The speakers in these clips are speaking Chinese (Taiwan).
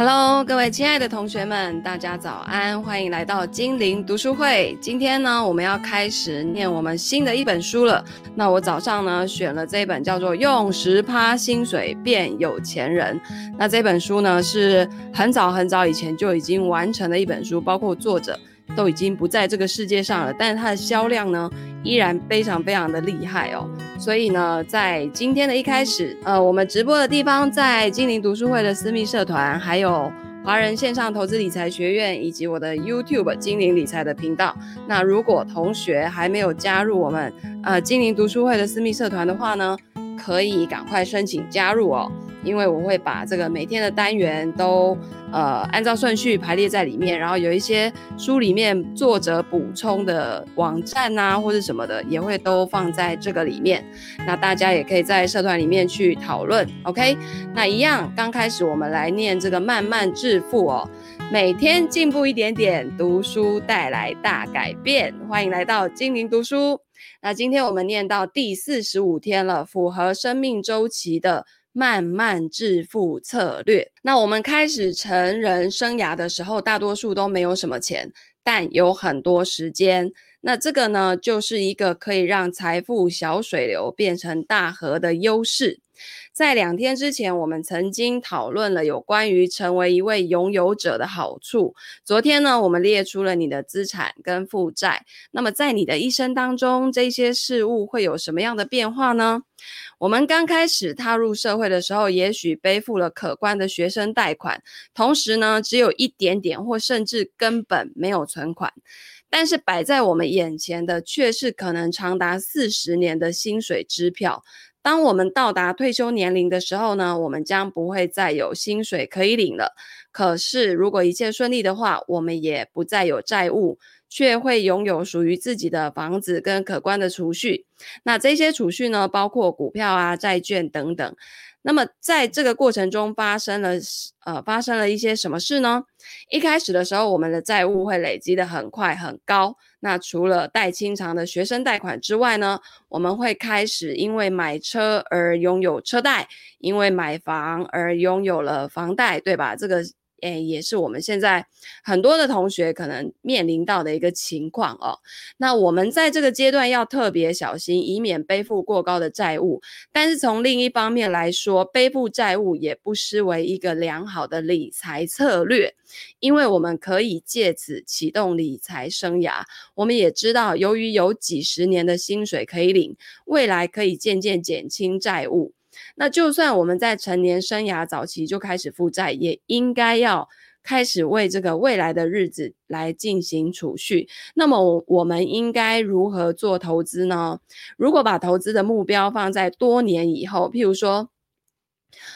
哈嘍，Hello, 各位親愛的同學們，大家早安，歡迎來到精靈讀書會菁羚讀書會。今天呢，我們要開始念我們新的一本書了。那我早上呢選了這一本叫做《用十趴薪水變有錢人》，那這本書呢是很早很早以前就已經完成的一本書，包括作者。都已經不在這個世界上了，但是它的銷量呢，依然非常非常的厲害哦。所以呢，在今天的一開始，呃，我們直播的地方在菁羚讀書會的私密社團，還有華人線上投資理財學院，以及我的 YouTube 菁羚理財的頻道。那如果同學還沒有加入我們呃菁羚讀書會的私密社團的話呢，可以趕快申請加入哦。因為我會把這個每天的單元都呃按照順序排列在裡面，然後有一些書裡面作者補充的網站啊，或者什麼的也會都放在這個裡面。那大家也可以在社團裡面去討論，OK？那一樣，剛開始我們來念這個《慢慢致富》哦，每天進步一點點，讀書帶來大改變。歡迎來到菁羚讀書。那今天我們念到第四十五天了，符合生命周期的，慢慢致富策略。那我們開始成人生涯的時候，大多數都沒有什麼錢，但有很多時間。那這個呢，就是一個可以讓財富小水流變成大河的優勢。在兩天之前，我們曾經討論了有關於成為一位擁有者的好處。昨天呢，我們列出了你的資產跟負債。那麼在你的一生當中，這些事物會有什麼樣的變化呢？我們剛開始踏入社會的時候，也許背負了可觀的學生貸款，同時呢，只有一點點或甚至根本沒有存款。但是擺在我們眼前的卻是可能長達四十年的薪水支票。當我們到達退休年齡的時候呢，我們將不會再有薪水可以領了。可是如果一切順利的話，我們也不再有債務。卻會擁有屬於自己的房子跟可觀的儲蓄。那這些儲蓄呢，包括股票啊、債券等等。那麼在這個過程中發生了呃，發生了一些什麼事呢？一開始的時候，我們的債務會累積得很快很高。那除了待清償的學生貸款之外呢，我們會開始因為買車而擁有車貸，因為買房而擁有了房貸，對吧？這個。誒，也是我們現在很多的同學可能面臨到的一個情況哦。那我們在這個階段要特別小心，以免背負過高的債務。但是從另一方面來說，背負債務也不失為一個良好的理財策略，因為我們可以借此啟動理財生涯。我們也知道，由於有幾十年的薪水可以領，未來可以漸漸減輕債務。那就算我們在成年生涯早期就開始負債，也應該要開始為這個未來的日子來進行儲蓄。那麼，我們應該如何做投資呢？如果把投資的目標放在多年以後，譬如說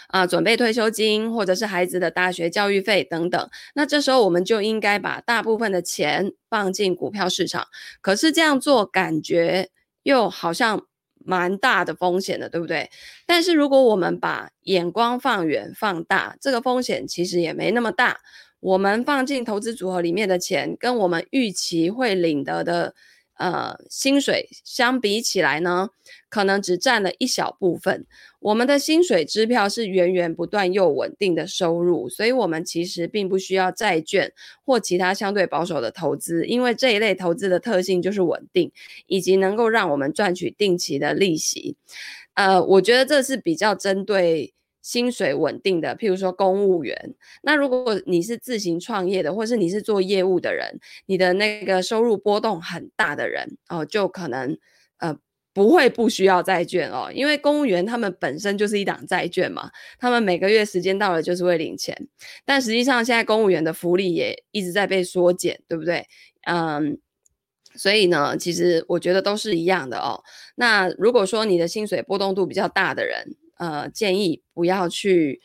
啊，準備退休金或者是孩子的大學教育費等等，那這時候我們就應該把大部分的錢放進股票市場。可是這樣做感覺又好像。蠻大的風險的，對不對？但是如果我們把眼光放遠、放大，這個風險其實也沒那麼大。我們放進投資組合裡面的錢，跟我們預期會領得的。呃，薪水相比起來呢，可能只佔了一小部分。我們的薪水支票是源源不斷又穩定的收入，所以我們其實並不需要債券或其他相對保守的投資，因為這一類投資的特性就是穩定，以及能夠讓我們賺取定期的利息。呃，我覺得這是比較針對薪水穩定的，譬如說公務員。那如果你是自行創業的，或是你是做業務的人，你的那個收入波動很大的人哦，就可能呃不會不需要債券哦，因為公務員他們本身就是一檔債券嘛，他們每個月時間到了就是會領錢。但實際上現在公務員的福利也一直在被縮減，對不對？嗯，所以呢，其實我覺得都是一樣的哦。那如果說你的薪水波動度比較大的人，呃，建議不要去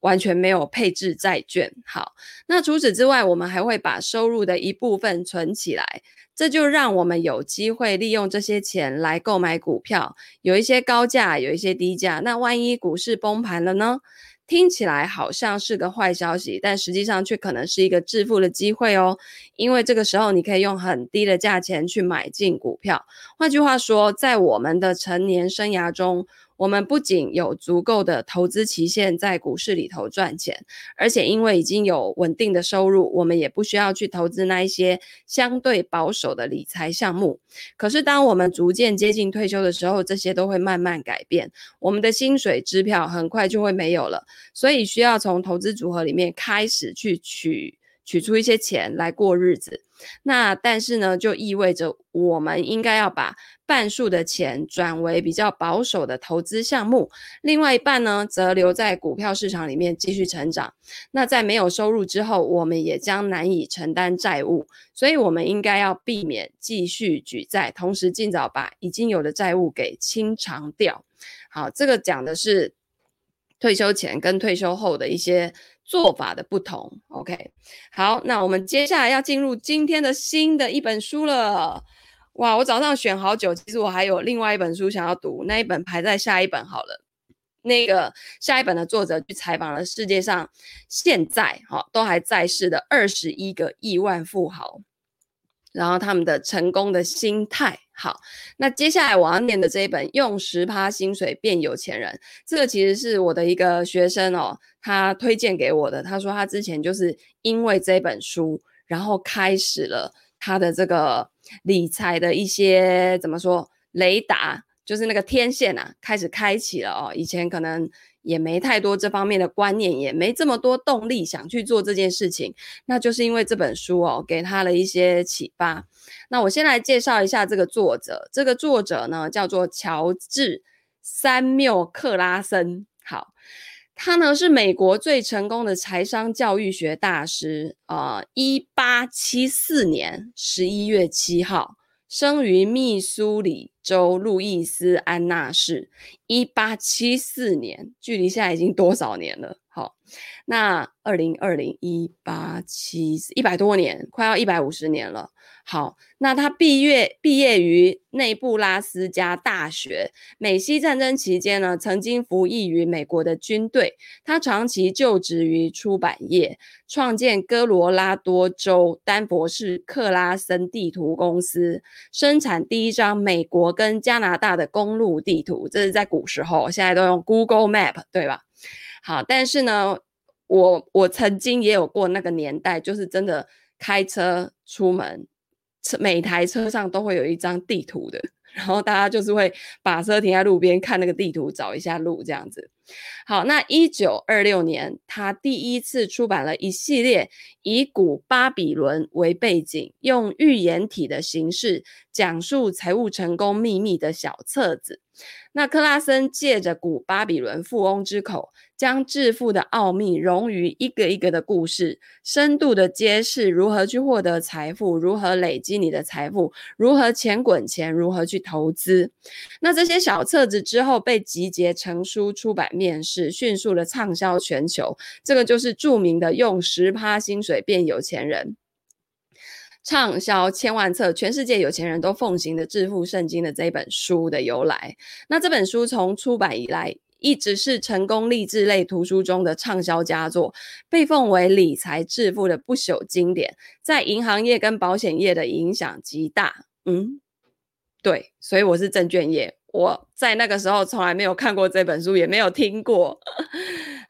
完全沒有配置債券。好，那除此之外，我們還會把收入的一部分存起來，這就讓我們有機會利用這些錢來購買股票。有一些高價，有一些低價。那萬一股市崩盤了呢？聽起來好像是個壞消息，但實際上卻可能是一個致富的機會哦。因為這個時候，你可以用很低的價錢去買進股票。換句話說，在我們的成年生涯中，我們不僅有足夠的投資期限在股市裡頭賺錢，而且因為已經有穩定的收入，我們也不需要去投資那一些相對保守的理財項目。可是，當我們逐漸接近退休的時候，這些都會慢慢改變。我們的薪水支票很快就會沒有了，所以需要從投資組合裡面開始去取。取出一些錢來過日子，那但是呢，就意味着我們應該要把半數的錢轉為比較保守的投資項目，另外一半呢，則留在股票市場裡面繼續成長。那在沒有收入之後，我們也將難以承擔債務，所以我們應該要避免繼續舉債，同時儘早把已經有的債務給清償掉。好，這個講的是退休前跟退休後的一些。做法的不同，OK，好，那我們接下來要進入今天的新的一本書了。哇，我早上選好久，其實我還有另外一本書想要讀，那一本排在下一本好了。那個下一本的作者去採訪了世界上現在哈、哦、都還在世的二十一個億萬富豪，然後他們的成功的心態。好，那接下來我要念的這一本《用十趴薪水變有錢人》，這個其實是我的一個學生哦，他推薦給我的。他說他之前就是因為這本書，然後開始了他的這個理財的一些怎麼說雷達，就是那個天線啊，開始開啟了哦。以前可能，也沒太多這方面的觀念，也沒這麼多動力想去做這件事情，那就是因為這本書哦，給他了一些啟發。那我先來介紹一下這個作者，這個作者呢叫做喬治·三繆·克拉森，好，他呢是美國最成功的財商教育學大師，呃，一八七四年十一月七號生於密蘇里州路易斯安那市，一八七四年，距離現在已經多少年了？好，那二零二零一八七四一百多年，快要一百五十年了。好，那他畢業畢業於內布拉斯加大學。美西戰爭期間呢，曾經服役於美國的軍隊。他長期就職於出版業，創建科羅拉多州丹佛市克拉森地圖公司，生產第一張美國。跟加拿大的公路地圖，這是在古時候，現在都用 Google Map，對吧？好，但是呢，我我曾經也有過那個年代，就是真的開車出門，車，每台車上都會有一張地圖的。然後大家就是會把車停在路邊，看那個地圖，找一下路這樣子。好，那一九二六年，他第一次出版了一系列以古巴比倫為背景，用寓言體的形式講述財務成功秘密的小冊子。那克拉森借着古巴比倫富翁之口，將致富的奧秘融於一個一個的故事，深度的揭示如何去獲得財富，如何累積你的財富，如何錢滾錢，如何去投資。那這些小冊子之後被集結成書出版面世，迅速的暢銷全球。這個就是著名的《用10%薪水變有錢人》。暢銷千萬冊，全世界有錢人都奉行的致富聖經的這本書的由來。那這本書從出版以來，一直是成功勵志類圖書中的暢銷佳作，被奉為理財致富的不朽經典，在銀行業跟保險業的影響極大。嗯，對，所以我是證券業，我在那個時候從來沒有看過這本書，也沒有聽過。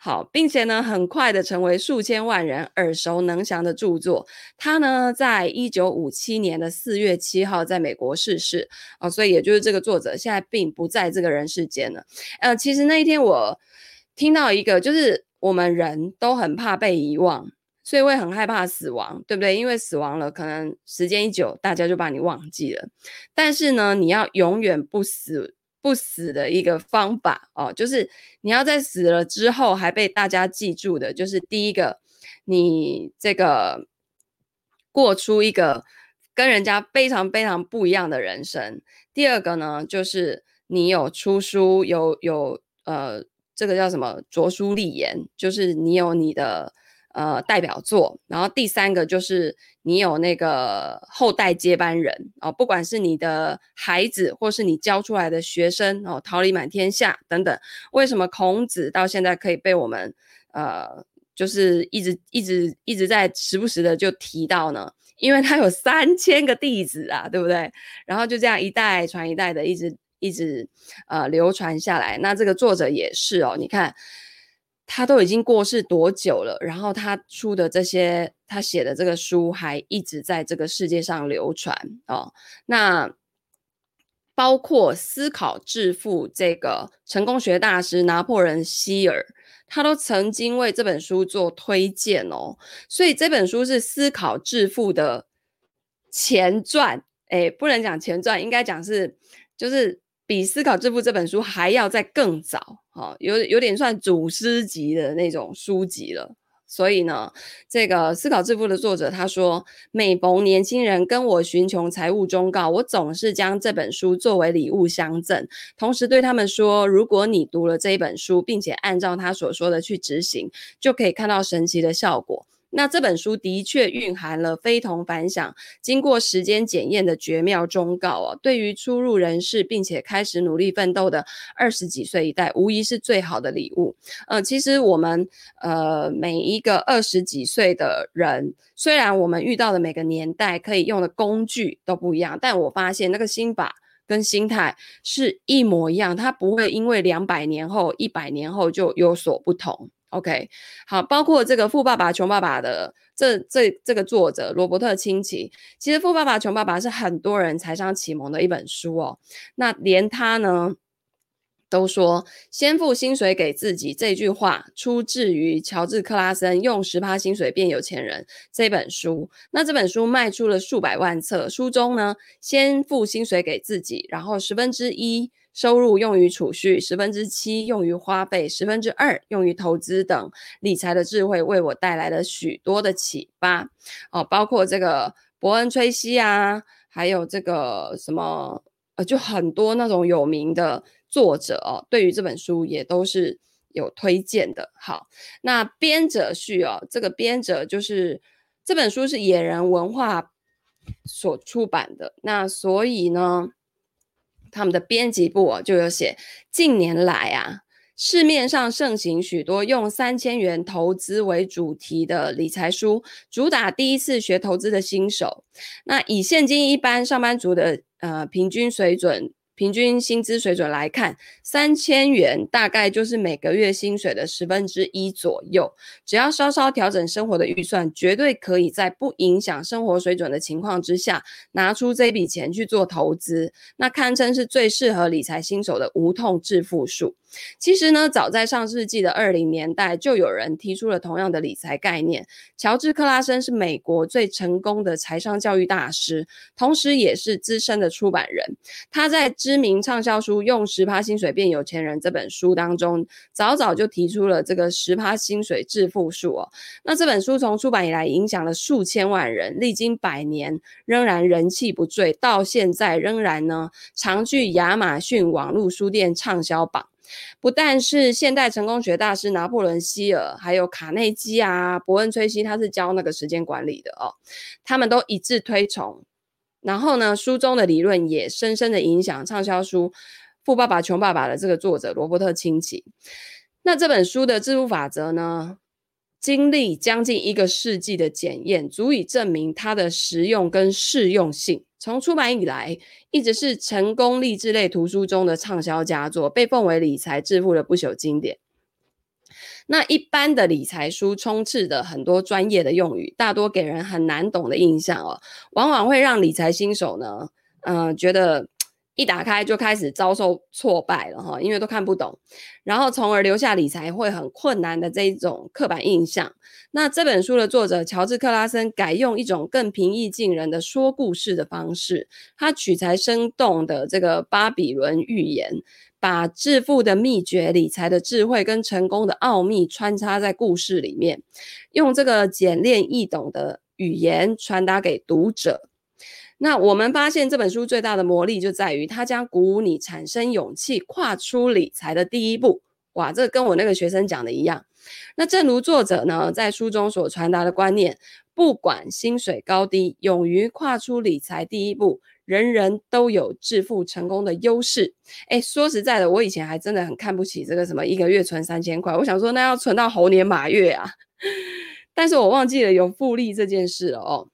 好，並且呢，很快的成為數千萬人耳熟能詳的著作。他呢，在一九五七年的四月七號在美國逝世哦，呃，所以也就是這個作者現在並不在這個人世間了。呃，其實那一天我聽到一個，就是我們人都很怕被遺忘，所以會很害怕死亡，對不對？因為死亡了，可能時間一久，大家就把你忘記了。但是呢，你要永遠不死。不死的一個方法哦，就是你要在死了之後還被大家記住的，就是第一個，你這個過出一個跟人家非常非常不一樣的人生；第二個呢，就是你有出書，有有呃，這個叫什麼？著書立言，就是你有你的。呃，代表作，然後第三個就是你有那個後代接班人哦，不管是你的孩子或是你教出來的學生哦，桃李滿天下等等。為什麼孔子到現在可以被我們呃，就是一直一直一直在時不時的就提到呢？因為他有三千個弟子啊，對不對？然後就這樣一代傳一代的一，一直一直呃流傳下來。那這個作者也是哦，你看。他都已經過世多久了？然後他出的這些，他寫的這個書還一直在這個世界上流傳哦。那包括《思考致富》這個成功學大師拿破崙希爾，他都曾經為這本書做推薦哦。所以這本書是《思考致富》的前傳，誒，不能講前傳，應該講是就是比《思考致富》這本書還要再更早。好，哦，有有點算祖師級的那種書籍了。所以呢，這個《思考致富》的作者他說，每逢年輕人跟我尋求財務忠告，我總是將這本書作為禮物相贈，同時對他們說，如果你讀了這一本書，並且按照他所說的去執行，就可以看到神奇的效果。那這本書的確蘊含了非同凡響，經過時間檢驗的絕妙忠告哦，啊，對於初入人世並且開始努力奮鬥的二十幾歲一代，無疑是最好的禮物。呃，其實我們呃每一個二十幾歲的人，雖然我們遇到的每個年代可以用的工具都不一樣，但我發現那個心法跟心態是一模一樣，它不會因為兩百年後、一百年後就有所不同。OK，好，包括這個《富爸爸窮爸爸》的這這這個作者羅伯特清崎，其實《富爸爸窮爸爸》是很多人財商啟蒙的一本書哦。那連他呢都說“先付薪水給自己”這句話出自於喬治克拉森《用十趴薪水變有錢人》這本書。那這本書賣出了數百萬冊，書中呢，先付薪水給自己，然後十分之一。收入用於儲蓄，十分之七用於花費，十分之二用於投資等理財的智慧為我帶來了許多的啟發。哦，包括這個博恩·崔西啊，還有這個什麼呃，就很多那種有名的作者哦，對於這本書也都是有推薦的。好，那編者序哦，這個編者就是這本書是野人文化所出版的，那所以呢。他們的編輯部就有寫，近年來啊，市面上盛行許多用三千元投資為主題的理財書，主打第一次學投資的新手。那以現今一般上班族的呃，平均水準。平均薪資水準來看，三千元大概就是每個月薪水的十分之一左右。只要稍稍調整生活的預算，絕對可以在不影響生活水準的情況之下，拿出這筆錢去做投資。那堪稱是最適合理財新手的無痛致富術。其實呢，早在上世紀的二零年代，就有人提出了同樣的理財概念。喬治·克拉森是美國最成功的財商教育大師，同時也是資深的出版人。他在知名暢銷書《用十趴薪水變有錢人》這本書當中，早早就提出了這個“十趴薪水致富術”。哦，那這本書從出版以來，影響了數千萬人，歷經百年，仍然人氣不墜，到現在仍然呢，常居亞馬遜網絡書店暢銷榜。不但是現代成功學大師拿破崙希爾，還有卡內基啊、伯恩崔西，他是教那個時間管理的哦，他們都一致推崇。然後呢，書中的理論也深深地影響暢銷書《富爸爸窮爸爸》的這個作者羅伯特清崎。那這本書的致富法則呢，經歷將近一個世紀的檢驗，足以證明它的實用跟適用性。從出版以來，一直是成功勵志類圖書中的暢銷佳作，被奉為理財致富的不朽經典。那一般的理財書充斥着很多專業的用語，大多給人很難懂的印象哦，往往會讓理財新手呢，嗯，呃，覺得。一打開就開始遭受挫敗了哈，因為都看不懂，然後從而留下理財會很困難的這一種刻板印象。那這本書的作者喬治克拉森改用一種更平易近人的說故事的方式，他取材生動的這個巴比倫寓言，把致富的秘訣、理財的智慧跟成功的奧秘穿插在故事裡面，用這個簡練易懂的語言傳達給讀者。那我們發現這本書最大的魔力就在於，它將鼓舞你產生勇氣，跨出理財的第一步。哇，這跟我那個學生講的一樣。那正如作者呢在書中所傳達的觀念，不管薪水高低，勇於跨出理財第一步，人人都有致富成功的優勢。誒，說實在的，我以前還真的很看不起這個什麼一個月存三千塊，我想說那要存到猴年馬月啊。但是我忘記了有複利這件事了哦。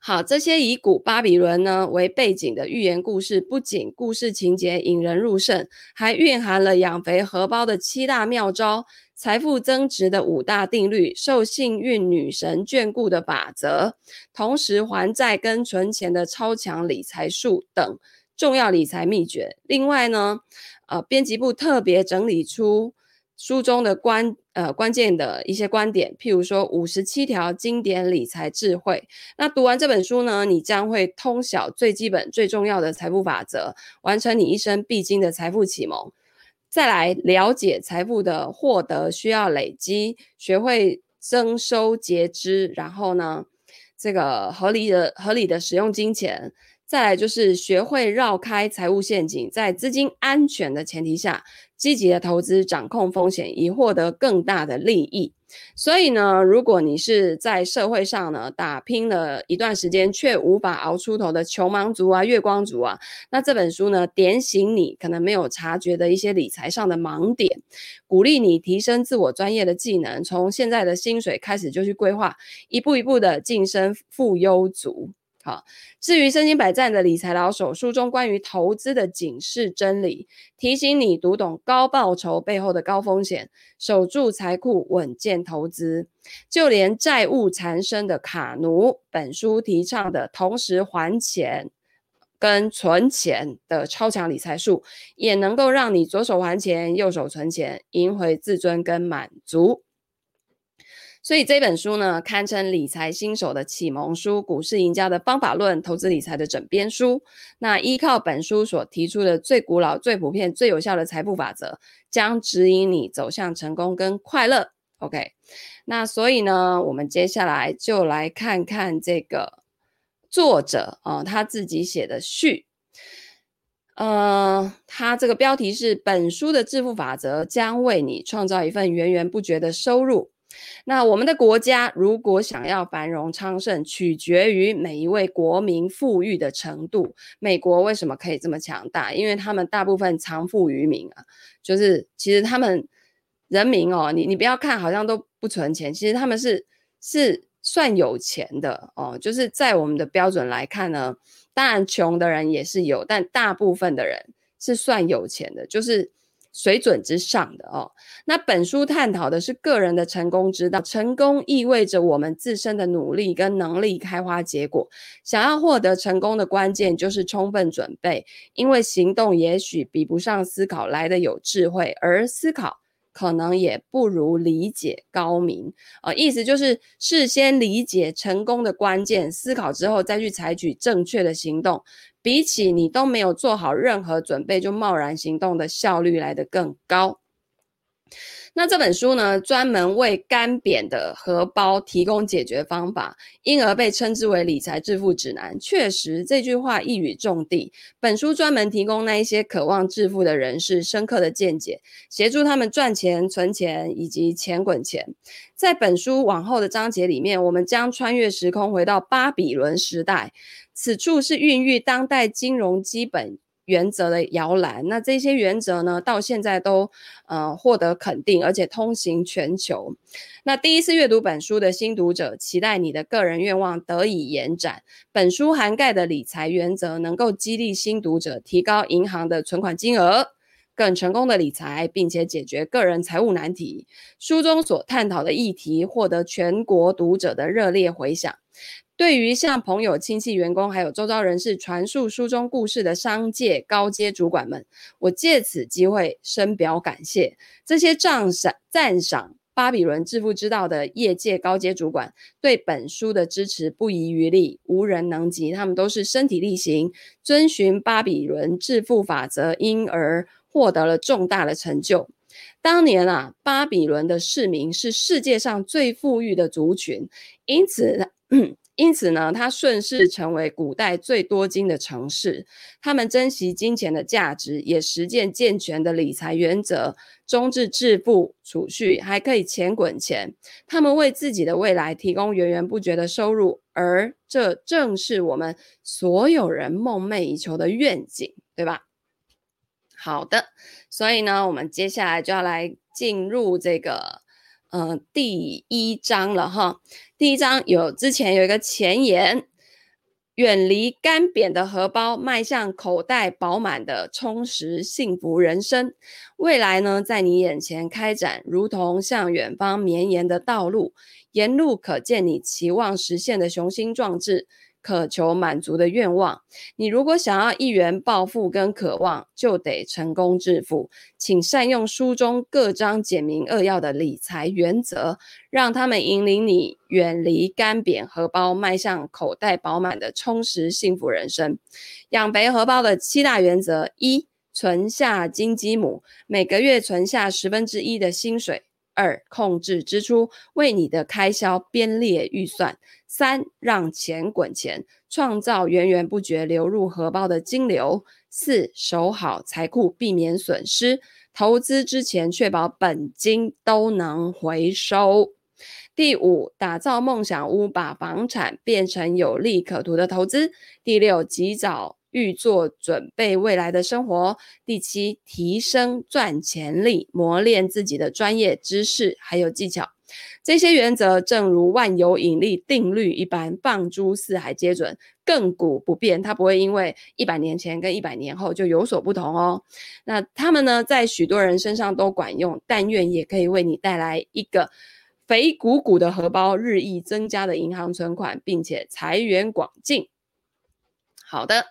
好，這些以古巴比倫呢，為背景的寓言故事，不僅故事情節引人入勝，還蘊含了養肥荷包的七大妙招、財富增值的五大定律、受幸運女神眷顧的法則，同時還債跟存錢的超強理財術等重要理財祕訣。另外呢，呃，編輯部特別整理出書中的關。呃，關鍵的一些觀點，譬如說五十七條經典理財智慧。那讀完這本書呢，你將會通曉最基本、最重要的財富法則，完成你一生必經的財富啟蒙。再來了解財富的獲得需要累積，學會增收節支，然後呢，這個合理的、合理的使用金錢。再來就是學會繞開財務陷阱，在資金安全的前提下，積極的投資，掌控風險，以獲得更大的利益。所以呢，如果你是在社會上呢打拼了一段時間，卻無法熬出頭的窮忙族啊、月光族啊，那這本書呢，點醒你可能沒有察覺的一些理財上的盲點，鼓勵你提升自我專業的技能，從現在的薪水開始就去規劃，一步一步的晉升富裕族。好，至於身經百戰的理財老手，書中關於投資的警示真理，提醒你讀懂高報酬背後的高風險，守住財庫，穩健投資。就連債務纏身的卡奴，本書提倡的同時還錢跟存錢的超強理財術，也能夠讓你左手還錢，右手存錢，贏回自尊跟滿足。所以這本書呢，堪稱理財新手的啟蒙書，股市贏家的方法論，投資理財的枕邊書。那依靠本書所提出的最古老、最普遍、最有效的財富法則，將指引你走向成功跟快樂。OK，那所以呢，我們接下來就來看看這個作者啊，呃，他自己寫的序。呃，他這個標題是：本書的致富法則將為你創造一份源源不絕的收入。那我們的國家如果想要繁榮昌盛，取決於每一位國民富裕的程度。美國為什麼可以這麼強大？因為他們大部分藏富於民啊，就是其實他們人民哦，你你不要看好像都不存錢，其實他們是是算有錢的哦，就是在我們的標準來看呢，當然窮的人也是有，但大部分的人是算有錢的，就是。水準之上的哦。那本書探討的是個人的成功之道。成功意味着我們自身的努力跟能力開花結果。想要獲得成功的關鍵就是充分準備，因為行動也許比不上思考來得有智慧，而思考。可能也不如理解高明啊，呃，意思就是事先理解成功的關鍵，思考之後再去採取正確的行動，比起你都沒有做好任何準備就貿然行動的效率來得更高。那這本書呢，專門為乾癟的荷包提供解決方法，因而被稱之為理財致富指南。確實，這句話一語中的。本書專門提供那一些渴望致富的人士深刻的見解，協助他們賺錢、存錢以及錢滾錢。在本書往後的章節裡面，我們將穿越時空，回到巴比倫時代，此處是孕育當代金融基本原則的搖籃，那這些原則呢，到現在都呃獲得肯定，而且通行全球。那第一次閱讀本書的新讀者，期待你的個人願望得以延展。本書涵蓋的理財原則能夠激勵新讀者提高銀行的存款金額，更成功的理財，並且解決個人財務難題。書中所探討的議題獲得全國讀者的熱烈回響。對於向朋友、親戚、員工，還有周遭人士傳述書中故事的商界高階主管們，我借此機會深表感謝。這些贊賞、贊賞巴比倫致富之道的業界高階主管，對本書的支持不遺餘力，無人能及。他們都是身體力行，遵循巴比倫致富法則，因而獲得了重大的成就。當年啊，巴比倫的市民是世界上最富裕的族群，因此。 因此呢，它順勢成為古代最多金的城市。他們珍惜金錢的價值，也實踐健全的理財原則，終至致富，儲蓄，還可以錢滾錢。他們為自己的未來提供源源不絕的收入，而這正是我們所有人夢寐以求的願景，對吧？好的，所以呢，我們接下來就要來進入這個，嗯、呃，第一章了哈。第一章有之前有一個前言，遠離乾癟的荷包，邁向口袋飽滿的充實幸福人生。未來呢，在你眼前開展，如同向遠方綿延的道路，沿路可見你期望實現的雄心壯志。渴求滿足的願望。你如果想要一元暴富跟渴望，就得成功致富。請善用書中各章簡明扼要的理財原則，讓他們引領你遠離乾癟荷包，邁向口袋飽滿的充實幸福人生。養肥荷包的七大原則：一、存下金雞母，每個月存下十分之一的薪水；二、控制支出，為你的開銷編列預算。三，讓錢滾錢，創造源源不絕流入荷包的金流。四，守好財庫，避免損失，投資之前確保本金都能回收。第五，打造夢想屋，把房產變成有利可圖的投資。第六，及早預做準備，未來的生活。第七，提升賺錢力，磨練自己的專業知識還有技巧。這些原則正如萬有引力定律一般，放諸四海皆準，亘古不變。它不會因為一百年前跟一百年後就有所不同哦。那它們呢，在許多人身上都管用，但願也可以為你帶來一個肥鼓鼓的荷包，日益增加的銀行存款，並且財源廣進。好的，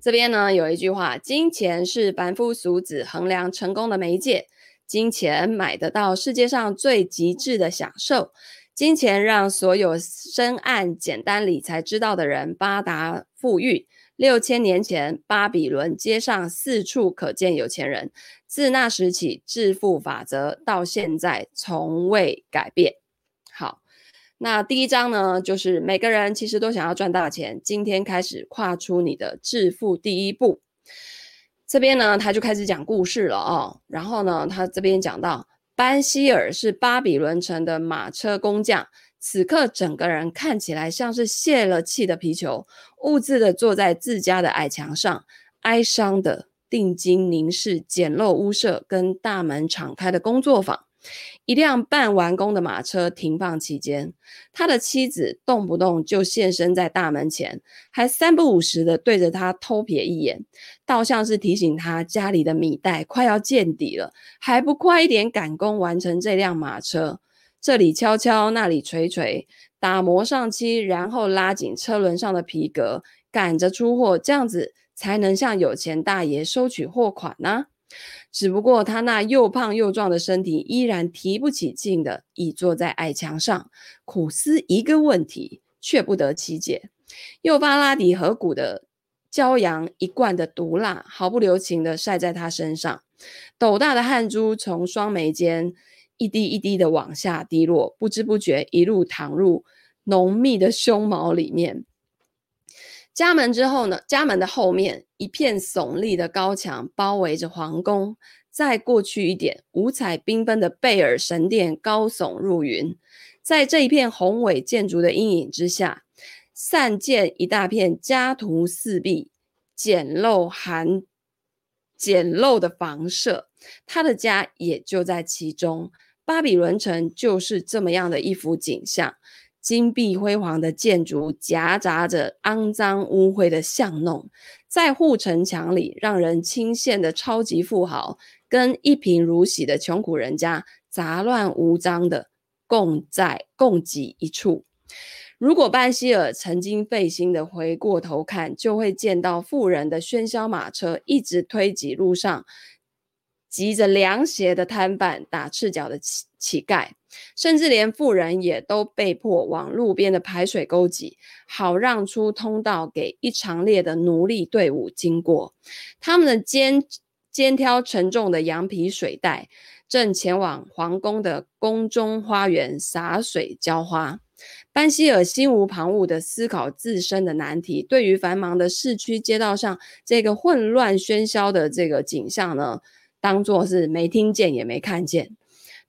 這邊呢有一句話：金錢是凡夫俗子衡量成功的媒介。金錢買得到世界上最極致的享受，金錢讓所有深諳簡單理財之道的人發達富裕。六千年前，巴比倫街上四處可見有錢人。自那時起，致富法則到現在從未改變。好，那第一章呢，就是每個人其實都想要賺大錢，今天開始跨出你的致富第一步。這邊呢，他就開始講故事了哦。然後呢，他這邊講到，班希爾是巴比倫城的馬車工匠，此刻整個人看起來像是洩了氣的皮球，兀自的坐在自家的矮牆上，哀傷的定睛凝視簡陋屋舍跟大門敞開的工作坊。一輛半完工的馬車停放期間，他的妻子動不動就現身在大門前，還三不五時的對着他偷瞥一眼，倒像是提醒他家裡的米袋快要見底了，還不快一點趕工完成這輛馬車。這裡敲敲，那裡錘錘，打磨上漆，然後拉緊車輪上的皮革，趕着出貨，這樣子才能向有錢大爺收取貨款呢、啊。只不過他那又胖又壯的身體依然提不起勁的倚坐在矮牆上，苦思一個問題，卻不得其解。幼發拉底河谷的驕陽一貫的毒辣，毫不留情的曬在他身上，斗大的汗珠從雙眉間一滴一滴的往下滴落，不知不覺一路淌入濃密的胸毛裡面。家門之後呢？家門的後面，一片聳立的高牆包圍着皇宮。再過去一點，五彩繽紛的貝爾神殿高聳入雲。在這一片宏偉建築的陰影之下，散見一大片家徒四壁、簡陋寒簡陋的房舍。他的家也就在其中。巴比倫城就是這麼樣的一幅景象。金碧輝煌的建築夾雜着骯髒污穢的巷弄，在護城牆裡，讓人傾羨的超級富豪跟一貧如洗的窮苦人家雜亂無章的共在共擠一處。如果班希爾曾經費心的回過頭看，就會見到富人的喧囂馬車一直推擠路上。急着涼鞋的攤販，打赤腳的乞乞丐，甚至連富人也都被迫往路邊的排水溝擠，好讓出通道給一長列的奴隸隊伍經過。他們的肩肩挑沉重的羊皮水袋，正前往皇宮的宮中花園灑水澆花。班希爾心無旁騖地思考自身的難題。對於繁忙的市區街道上這個混亂喧囂的這個景象呢？當作是沒聽見也沒看見，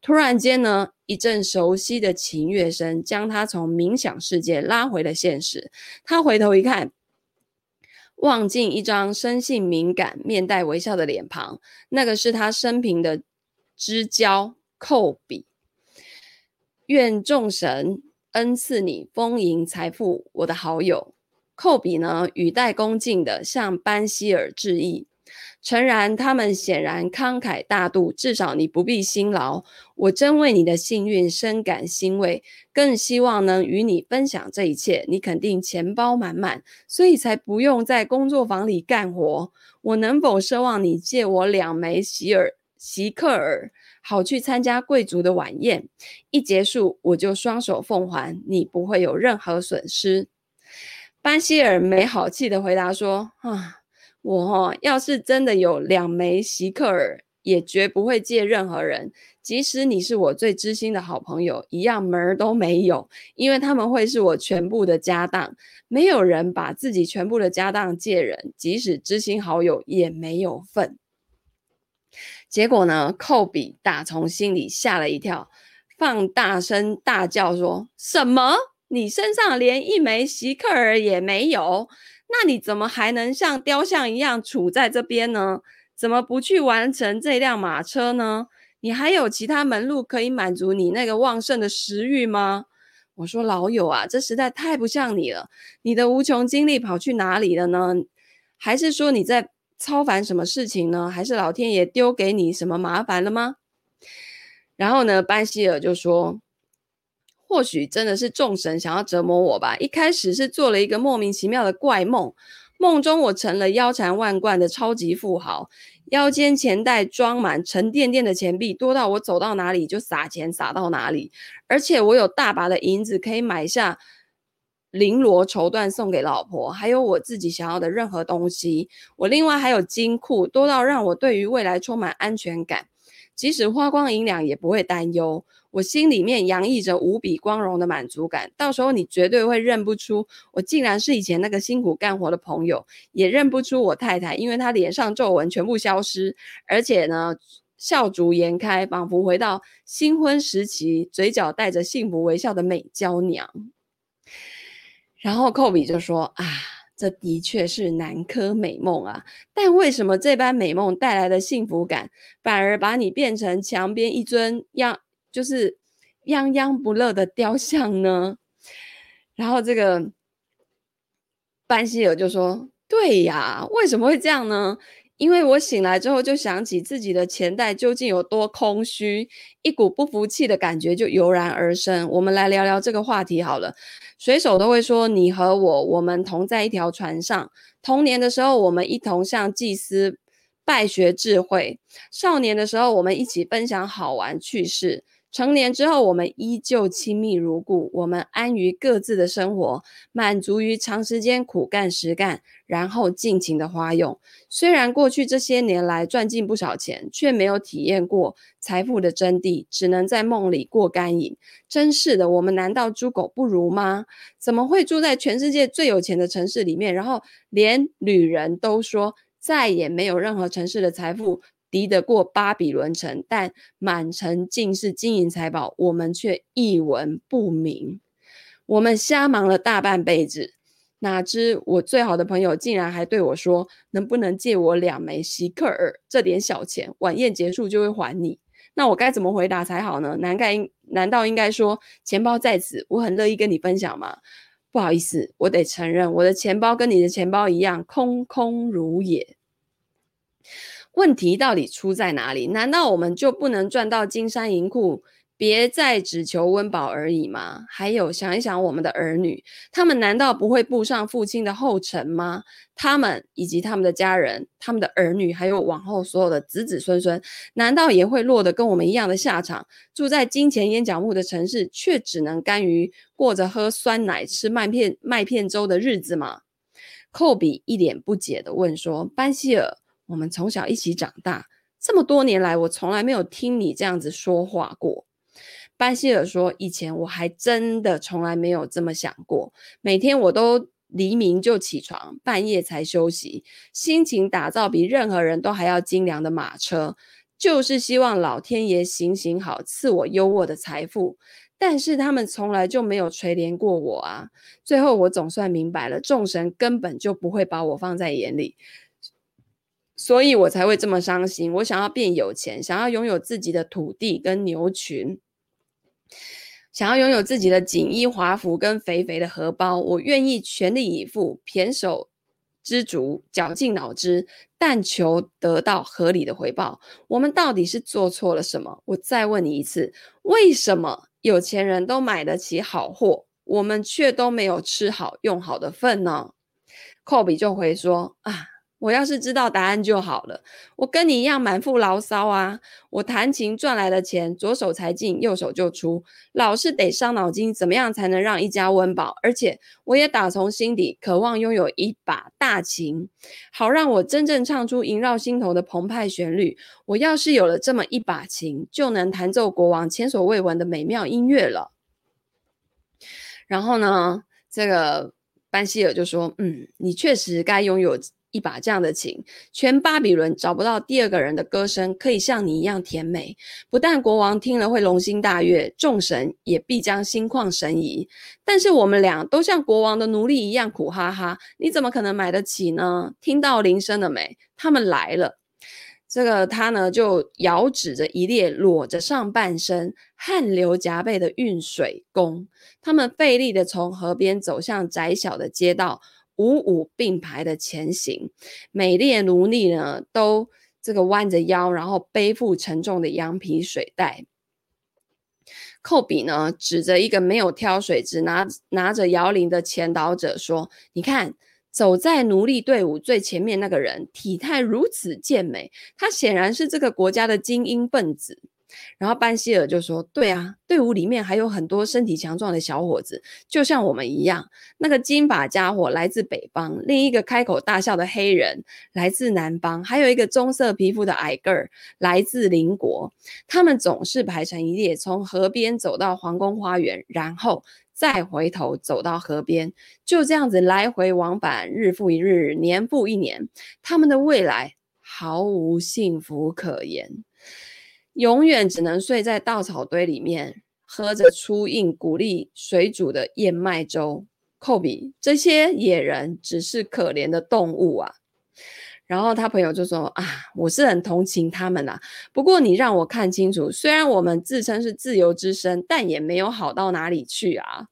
突然間呢，一陣熟悉的琴樂聲將他從冥想世界拉回了現實。他回頭一看，望進一張生性敏感、面帶微笑的臉龐，那個是他生平的知交寇比。願眾神恩賜你豐盈財富，我的好友寇比呢，語帶恭敬的向班希爾致意。誠然，他們顯然慷慨大度，至少你不必辛勞。我真為你的幸運深感欣慰，更希望能與你分享這一切。你肯定錢包滿滿，所以才不用在工作房裡幹活。我能否奢望你借我兩枚席爾席克爾，好去參加貴族的晚宴？一結束，我就雙手奉還，你不會有任何損失。班希爾沒好氣地回答說：“啊。”我、哦、要是真的有兩枚席克爾，也絕不會借任何人，即使你是我最知心的好朋友，一樣門兒都沒有，因為他們會是我全部的家當。沒有人把自己全部的家當借人，即使知心好友也沒有份。結果呢，扣比打從心裡嚇了一跳，放大聲大叫說：“什麼？你身上連一枚席克爾也沒有？”那你怎麼還能像雕像一樣杵在這邊呢？怎麼不去完成這輛馬車呢？你還有其他門路可以滿足你那個旺盛的食慾嗎？我說老友啊，這實在太不像你了。你的無窮精力跑去哪裡了呢？還是說你在操煩什麼事情呢？還是老天爺丟給你什麼麻煩了嗎？然後呢，班希爾就說。或許真的是眾神想要折磨我吧。一開始是做了一個莫名其妙的怪夢，夢中我成了腰纏萬貫的超級富豪，腰間錢袋裝滿沉甸甸的錢幣，多到我走到哪裡就撒錢撒到哪裡。而且我有大把的銀子可以買下綾羅綢緞送給老婆，還有我自己想要的任何東西。我另外還有金庫，多到讓我對於未來充滿安全感，即使花光銀兩也不會擔憂。我心裡面洋溢着無比光榮的滿足感，到時候你絕對會認不出我，竟然是以前那個辛苦幹活的朋友，也認不出我太太，因為她臉上皺紋全部消失，而且呢，笑逐顏開，仿佛回到新婚時期，嘴角帶着幸福微笑的美嬌娘。然後科比就說：“啊，這的確是南柯美夢啊，但為什麼這般美夢帶來的幸福感，反而把你變成牆邊一尊就是怏怏不樂的雕像呢，然後這個班西爾就說：“對呀，為什麼會這樣呢？因為我醒來之後就想起自己的錢袋究竟有多空虛，一股不服氣的感覺就油然而生。我們來聊聊這個話題好了。水手都會說：‘你和我，我們同在一條船上。’童年的時候，我們一同向祭司拜學智慧；少年的時候，我們一起分享好玩趣事。”成年之後，我們依舊親密如故。我們安於各自的生活，滿足於長時間苦幹實幹，然後盡情的花用。雖然過去這些年來賺進不少錢，卻沒有體驗過財富的真諦，只能在夢裡過乾癮。真是的，我們難道豬狗不如嗎？怎麼會住在全世界最有錢的城市裡面，然後連女人都說再也沒有任何城市的財富，離得過巴比倫城，但滿城盡是金銀財寶，我們卻一文不名。我們瞎忙了大半輩子，哪知我最好的朋友竟然還對我說：“能不能借我兩枚席克爾？這點小錢，晚宴結束就會還你。”那我該怎麼回答才好呢？難怪，難道應該說錢包在此，我很樂意跟你分享嗎？不好意思，我得承認，我的錢包跟你的錢包一樣，空空如也。問題到底出在哪裡？難道我們就不能賺到金山銀庫，別再只求溫飽而已嗎？還有，想一想我們的兒女，他們難道不會步上父親的後塵嗎？他們以及他們的家人、他們的兒女，還有往後所有的子子孫孫，難道也會落得跟我們一樣的下場？住在金錢淹腳目的城市，卻只能甘於過着喝酸奶、吃麥片麥片粥的日子嗎？寇比一臉不解地問說：“班希爾。”我們從小一起長大，這麼多年來，我從來沒有聽你這樣子說話過。班希爾說：“以前我還真的從來沒有這麼想過，每天我都黎明就起床，半夜才休息，辛勤打造比任何人都還要精良的馬車，就是希望老天爺行行好，賜我優渥的財富。但是他們從來就沒有垂憐過我啊！最後我總算明白了，眾神根本就不會把我放在眼裡。”所以我才會這麼傷心。我想要變有錢，想要擁有自己的土地跟牛群，想要擁有自己的錦衣華服跟肥肥的荷包。我願意全力以赴，胼手胝足，絞盡腦汁，但求得到合理的回報。我們到底是做錯了什麼？我再問你一次，為什麼有錢人都買得起好貨，我們卻都沒有吃好用好的份呢？科比就回說啊。我要是知道答案就好了。我跟你一樣滿腹牢騷啊！我彈琴賺來的錢，左手才進右手就出，老是得傷腦筋，怎麼樣才能讓一家溫飽？而且我也打從心底渴望擁有一把大琴，好讓我真正唱出縈繞心頭的澎湃旋律。我要是有了這麼一把琴，就能彈奏國王前所未聞的美妙音樂了。然後呢，這個班希爾就說：“嗯，你確實該擁有。”一把這樣的琴，全巴比倫找不到第二個人的歌聲可以像你一樣甜美。不但國王聽了會龍心大悅，眾神也必將心曠神怡。但是我們倆都像國王的奴隸一樣苦哈哈，你怎麼可能買得起呢？聽到鈴聲了沒？他們來了。這個他呢就遙指着一列裸着上半身、汗流浹背的運水工，他們費力的從河邊走向窄小的街道。五五並排的前行，每列奴隸呢，都這個彎着腰，然後背負沉重的羊皮水袋。寇比呢，指着一個沒有挑水，只拿拿着搖鈴的前導者說：“你看，走在奴隸隊伍最前面那個人，體態如此健美，他顯然是這個國家的精英分子。”然後班希爾就說：“對啊，隊伍裡面還有很多身體強壯的小夥子，就像我們一樣。那個金髮傢伙來自北方，另一個開口大笑的黑人來自南方，還有一個棕色皮膚的矮個兒來自鄰國。他們總是排成一列，從河邊走到皇宮花園，然後再回頭走到河邊，就這樣子來回往返，日復一日，年復一年。他們的未來毫無幸福可言。”永遠只能睡在稻草堆裡面，喝着粗硬穀粒水煮的燕麥粥。科比，這些野人只是可憐的動物啊！然後他朋友就說：“啊，我是很同情他們啊。不過你讓我看清楚，雖然我們自稱是自由之身，但也沒有好到哪裡去啊。”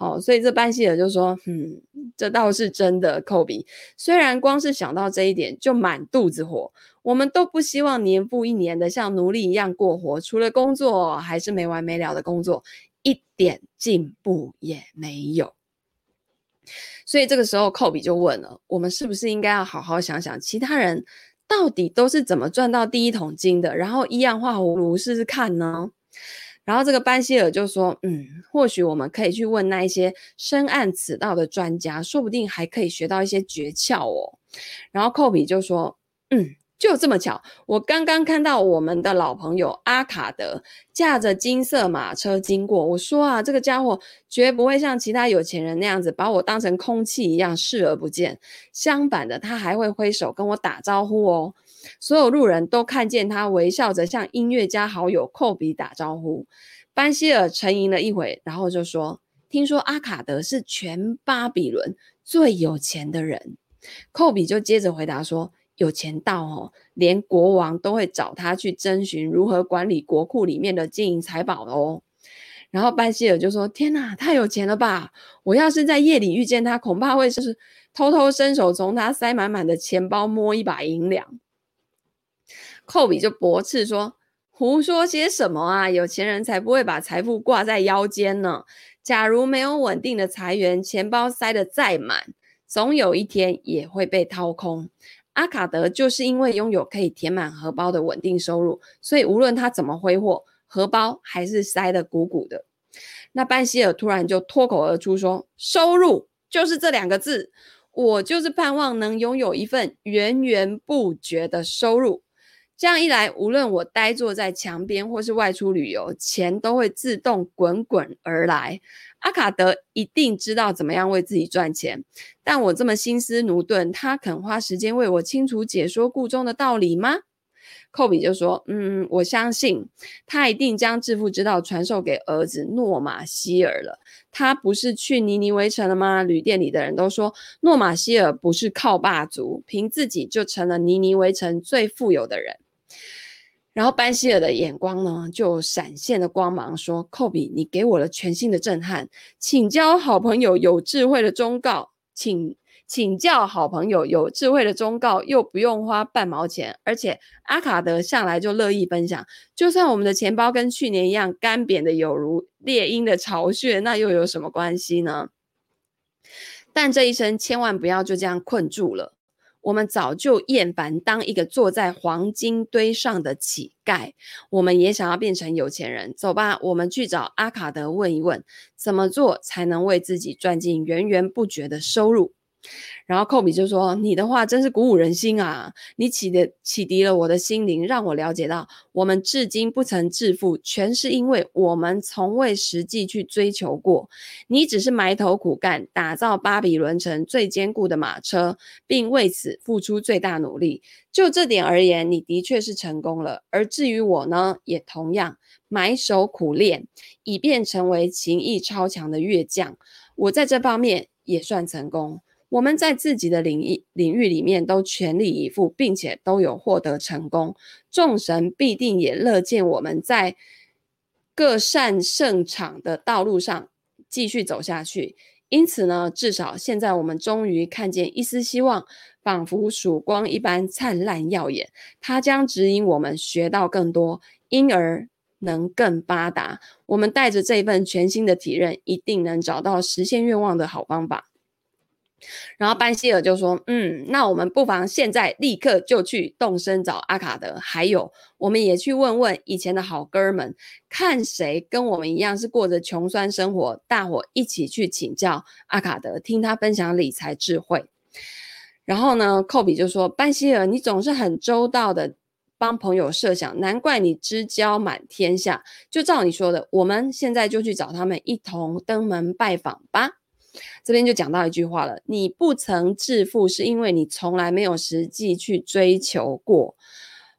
好、哦，所以這班西爾就說：“嗯，這倒是真的。”扣比雖然光是想到這一點就滿肚子火，我們都不希望年復一年的像奴隸一樣過活，除了工作還是沒完沒了的工作，一點進步也沒有。所以這個時候，扣比就問了：“我們是不是應該要好好想想，其他人到底都是怎麼賺到第一桶金的，然後依樣畫葫蘆試試看呢？”然後這個班希爾就說：“嗯，或許我們可以去問那一些深諳此道的專家，說不定還可以學到一些訣竅哦。”然後扣比就說：“嗯，就這麼巧，我剛剛看到我們的老朋友阿卡德駕着金色馬車經過。我說啊，這個家伙絕不會像其他有錢人那樣子把我當成空氣一樣視而不見，相反的，他還會揮手跟我打招呼哦。”所有路人都看見他微笑着向音樂家好友寇比打招呼。班希爾沉吟了一會，然後就說：“聽說阿卡德是全巴比倫最有錢的人。”寇比就接着回答說：“有錢到哦，連國王都會找他去徵詢如何管理國庫裡面的金銀財寶的哦。”然後班希爾就說：“天哪，太有錢了吧！我要是在夜裡遇見他，恐怕會就是偷偷伸手從他塞滿滿的錢包摸一把銀兩。”扣比就駁斥說：“胡說些什麼啊！有錢人才不會把財富掛在腰間呢。假如沒有穩定的財源，錢包塞得再滿，總有一天也會被掏空。”阿卡德就是因為擁有可以填滿荷包的穩定收入，所以無論他怎麼揮霍，荷包還是塞得鼓鼓的。那班希爾突然就脫口而出說：“收入就是這兩個字，我就是盼望能擁有一份源源不絕的收入。”這樣一來，無論我呆坐在牆邊，或是外出旅遊，錢都會自動滾滾而來。阿卡德一定知道怎麼樣為自己賺錢，但我這麼心思駑鈍，他肯花時間為我清楚解說故中的道理嗎？寇比就說：“嗯，我相信他一定將致富之道傳授給兒子諾馬希爾了。他不是去尼尼微城了嗎？旅店裡的人都說，諾馬希爾不是靠霸族，憑自己就成了尼尼微城最富有的人。”然後班希爾的眼光呢，就閃現了光芒，說：“寇比，你給我了全新的震撼，請教好朋友有智慧的忠告，請請教好朋友有智慧的忠告，又不用花半毛錢，而且阿卡德向來就樂意分享，就算我們的錢包跟去年一樣乾癟的有如獵鷹的巢穴，那又有什麼關係呢？但這一生千萬不要就這樣困住了。”我們早就厭煩當一個坐在黃金堆上的乞丐，我們也想要變成有錢人。走吧，我們去找阿卡德問一問，怎麼做才能為自己賺進源源不絕的收入。然後，扣比就說：“你的話真是鼓舞人心啊！你啟的啟迪了我的心靈，讓我了解到我們至今不曾致富，全是因為我們從未實際去追求過。你只是埋頭苦幹，打造巴比倫城最堅固的馬車，並為此付出最大努力。就這點而言，你的確是成功了。而至於我呢，也同樣埋首苦練，以便成為情義超強的樂匠。我在這方面也算成功。”我們在自己的領域領域裡面都全力以赴，並且都有獲得成功。眾神必定也樂見我們在各擅勝場的道路上繼續走下去。因此呢，至少現在我們終於看見一絲希望，仿佛曙光一般燦爛耀眼。它將指引我們學到更多，因而能更發達。我們帶着這份全新的體驗，一定能找到實現願望的好方法。然後班希爾就說：“嗯，那我們不妨現在立刻就去動身找阿卡德，還有我們也去問問以前的好哥們，看誰跟我們一樣是過着窮酸生活，大夥一起去請教阿卡德，聽他分享理財智慧。”然後呢，寇比就說：“班希爾，你總是很周到的幫朋友設想，難怪你知交滿天下。就照你說的，我們現在就去找他們，一同登門拜訪吧。”這邊就講到一句話了：你不曾致富，是因為你從來沒有實際去追求過。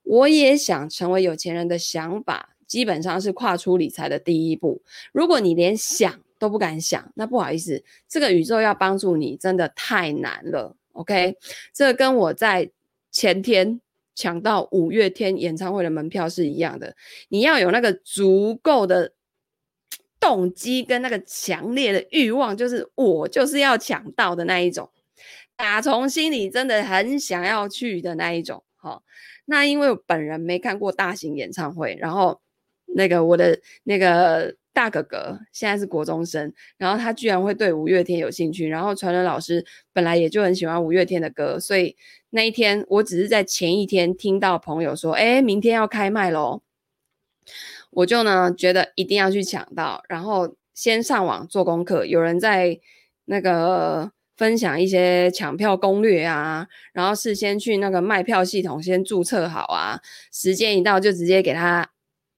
我也想成為有錢人的想法，基本上是跨出理財的第一步。如果你連想都不敢想，那不好意思，這個宇宙要幫助你，真的太難了。OK，嗯，這跟我在前天搶到五月天演唱會的門票是一樣的。你要有那個足夠的。動機跟那個強烈的慾望，就是我就是要搶到的那一種，打從心裡真的很想要去的那一種。哦，那因為我本人沒看過大型演唱會，然後那個我的那個大哥哥現在是國中生，然後他居然會對五月天有興趣，然後傳人老師本來也就很喜歡五月天的歌，所以那一天我只是在前一天聽到朋友說，哎，明天要開賣嘍。我就呢覺得一定要去搶到，然後先上網做功課，有人在那個、呃、分享一些搶票攻略啊，然後事先去那個賣票系統先註冊好啊，時間一到就直接給他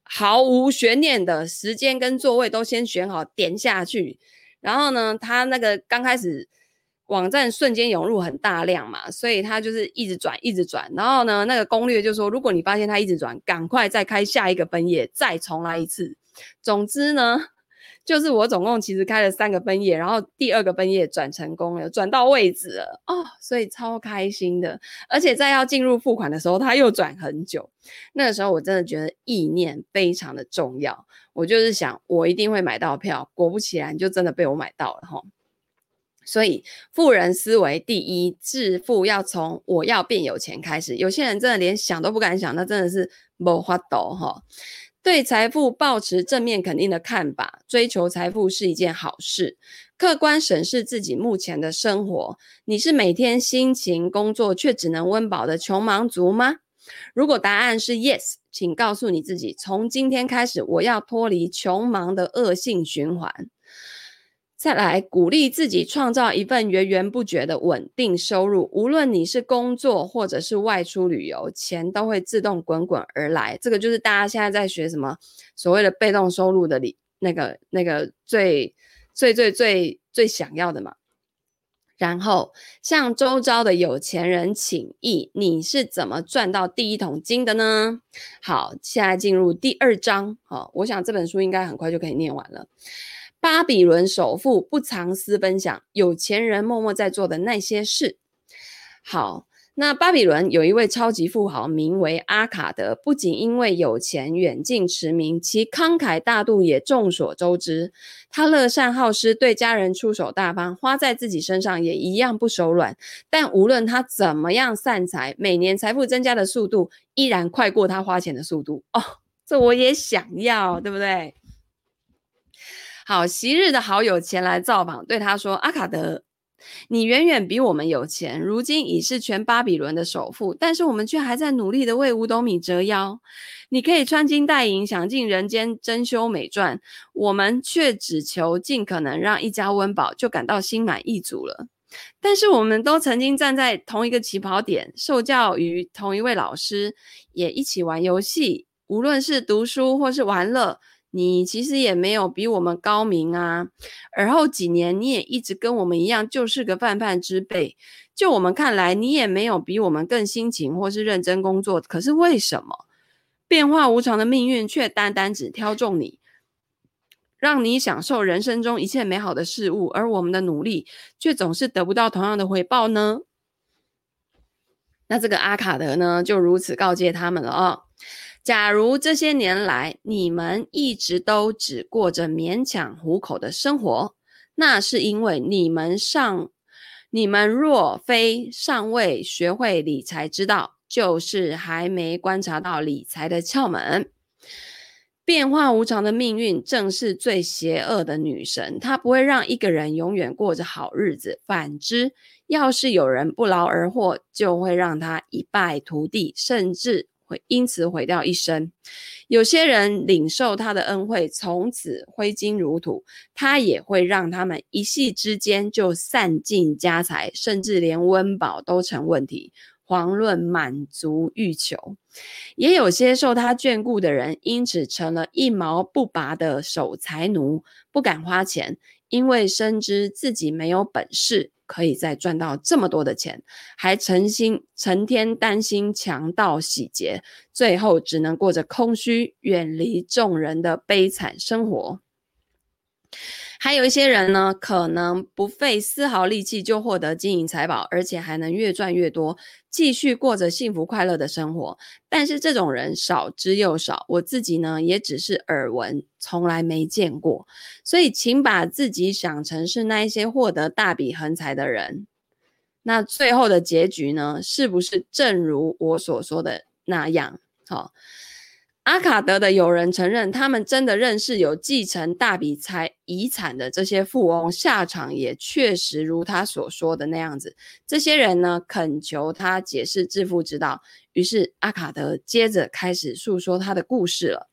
毫無懸念的，時間跟座位都先選好點下去，然後呢他那個剛開始。網站瞬間湧入很大量嘛，所以它就是一直轉，一直轉。然後呢，那個攻略就說，如果你發現它一直轉，趕快再開下一個分頁，再重來一次。總之呢，就是我總共其實開了三個分頁，然後第二個分頁轉成功了，轉到位置了哦，所以超開心的。而且在要進入付款的時候，它又轉很久，那個時候我真的覺得意念非常的重要。我就是想，我一定會買到票，果不其然，就真的被我買到了哈。吼。所以，富人思維第一，致富要從我要變有錢開始。有些人真的連想都不敢想，那真的是沒法度，齁。對財富抱持正面肯定的看法，追求財富是一件好事。客觀審視自己目前的生活，你是每天辛勤工作卻只能溫飽的窮忙族嗎？如果答案是 yes，請告訴你自己，從今天開始，我要脫離窮忙的惡性循環。再來鼓勵自己創造一份源源不絕的穩定收入，無論你是工作或者是外出旅遊，錢都會自動滾滾而來。這個就是大家現在在學什麼所謂的被動收入的理那個那個最最最最最想要的嘛。然後向周遭的有錢人請益，你是怎麼賺到第一桶金的呢？好，現在進入第二章。好，我想這本書應該很快就可以念完了。巴比倫首富不藏私分享，有錢人默默在做的那些事。好，那巴比倫有一位超級富豪，名為阿卡德，不僅因為有錢遠近馳名，其慷慨大度也眾所周知。他樂善好施，對家人出手大方，花在自己身上也一樣不手軟。但無論他怎麼樣散財，每年財富增加的速度依然快過他花錢的速度。哦，這我也想要，對不對？好，昔日的好友前來造訪，對他說：“阿卡德，你遠遠比我們有錢，如今已是全巴比倫的首富，但是我們卻還在努力的為五斗米折腰。你可以穿金戴銀，享盡人間珍饈美饌，我們卻只求盡可能讓一家溫飽，就感到心滿意足了。但是，我們都曾經站在同一個起跑點，受教於同一位老師，也一起玩遊戲，無論是讀書或是玩樂。”你其實也沒有比我們高明啊，而後幾年你也一直跟我們一樣，就是個泛泛之輩。就我們看來，你也沒有比我們更辛勤或是認真工作。可是為什麼變化無常的命運卻單單只挑中你，讓你享受人生中一切美好的事物，而我們的努力卻總是得不到同樣的回報呢？那這個阿卡德呢，就如此告誡他們了啊、哦。假如這些年來你們一直都只過着勉強糊口的生活，那是因為你們尚，你們若非尚未學會理財之道，就是還沒觀察到理財的竅門。變化無常的命運正是最邪惡的女神，她不會讓一個人永遠過着好日子，反之，要是有人不勞而獲，就會讓他一敗塗地，甚至，因此毀掉一生。有些人領受他的恩惠，從此揮金如土，他也會讓他們一夕之間就散盡家財，甚至連溫飽都成問題，遑論滿足欲求。也有些受他眷顧的人，因此成了一毛不拔的守財奴，不敢花錢，因為深知自己沒有本事可以再賺到這麼多的錢，還成心成天擔心強盜洗劫，最後只能過着空虛、遠離眾人的悲慘生活。還有一些人呢，可能不費絲毫力氣就獲得金銀財寶，而且還能越賺越多，繼續過着幸福快樂的生活。但是這種人少之又少，我自己呢也只是耳聞，從來沒見過。所以，請把自己想成是那一些獲得大筆橫財的人。那最後的結局呢，是不是正如我所說的那樣？好、哦。阿卡德的友人承認，他們真的認識有繼承大筆財遺產的這些富翁，下場也確實如他所說的那樣子。這些人呢，懇求他解釋致富之道。於是，阿卡德接着開始訴說他的故事了。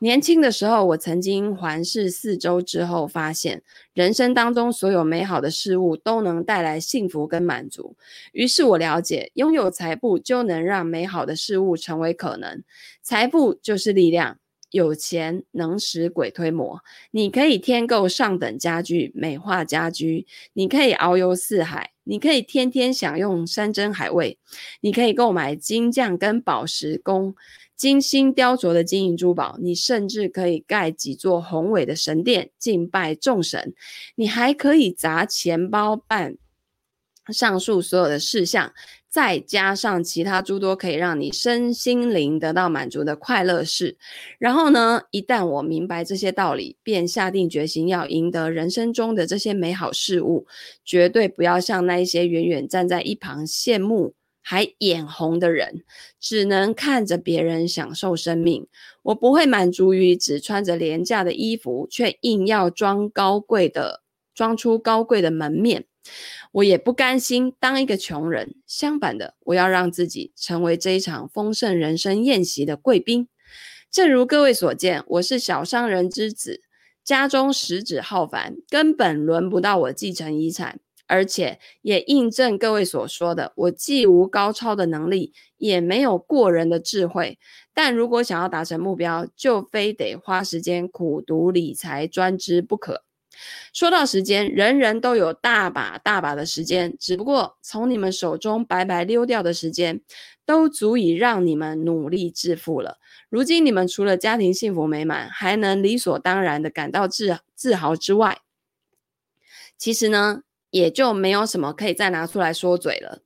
年輕的時候，我曾經環視四周之後，發現人生當中所有美好的事物都能帶來幸福跟滿足。於是我了解，擁有財富就能讓美好的事物成為可能。財富就是力量，有錢能使鬼推磨。你可以添購上等家具、美化家居；你可以遨遊四海；你可以天天享用山珍海味；你可以購買金匠跟寶石工，精心雕琢的金銀珠寶，你甚至可以蓋幾座宏偉的神殿，敬拜眾神；你還可以砸錢包辦上述所有的事項，再加上其他諸多可以讓你身心靈得到滿足的快樂事。然後呢，一旦我明白這些道理，便下定決心要贏得人生中的這些美好事物，絕對不要像那一些遠遠站在一旁羨慕，還眼紅的人，只能看着別人享受生命。我不會滿足於只穿着廉價的衣服，卻硬要裝高貴的，裝出高貴的門面。我也不甘心當一個窮人，相反的，我要讓自己成為這一場豐盛人生宴席的貴賓。正如各位所見，我是小商人之子，家中食指浩繁，根本輪不到我繼承遺產。而且也印證各位所說的，我既無高超的能力，也沒有過人的智慧，但如果想要達成目標，就非得花時間苦讀理財專知不可。說到時間，人人都有大把大把的時間，只不過從你們手中白白溜掉的時間，都足以讓你們努力致富了。如今你們除了家庭幸福美滿，還能理所當然的感到自自豪之外，其實呢？也就沒有什麼可以再拿出來說嘴了。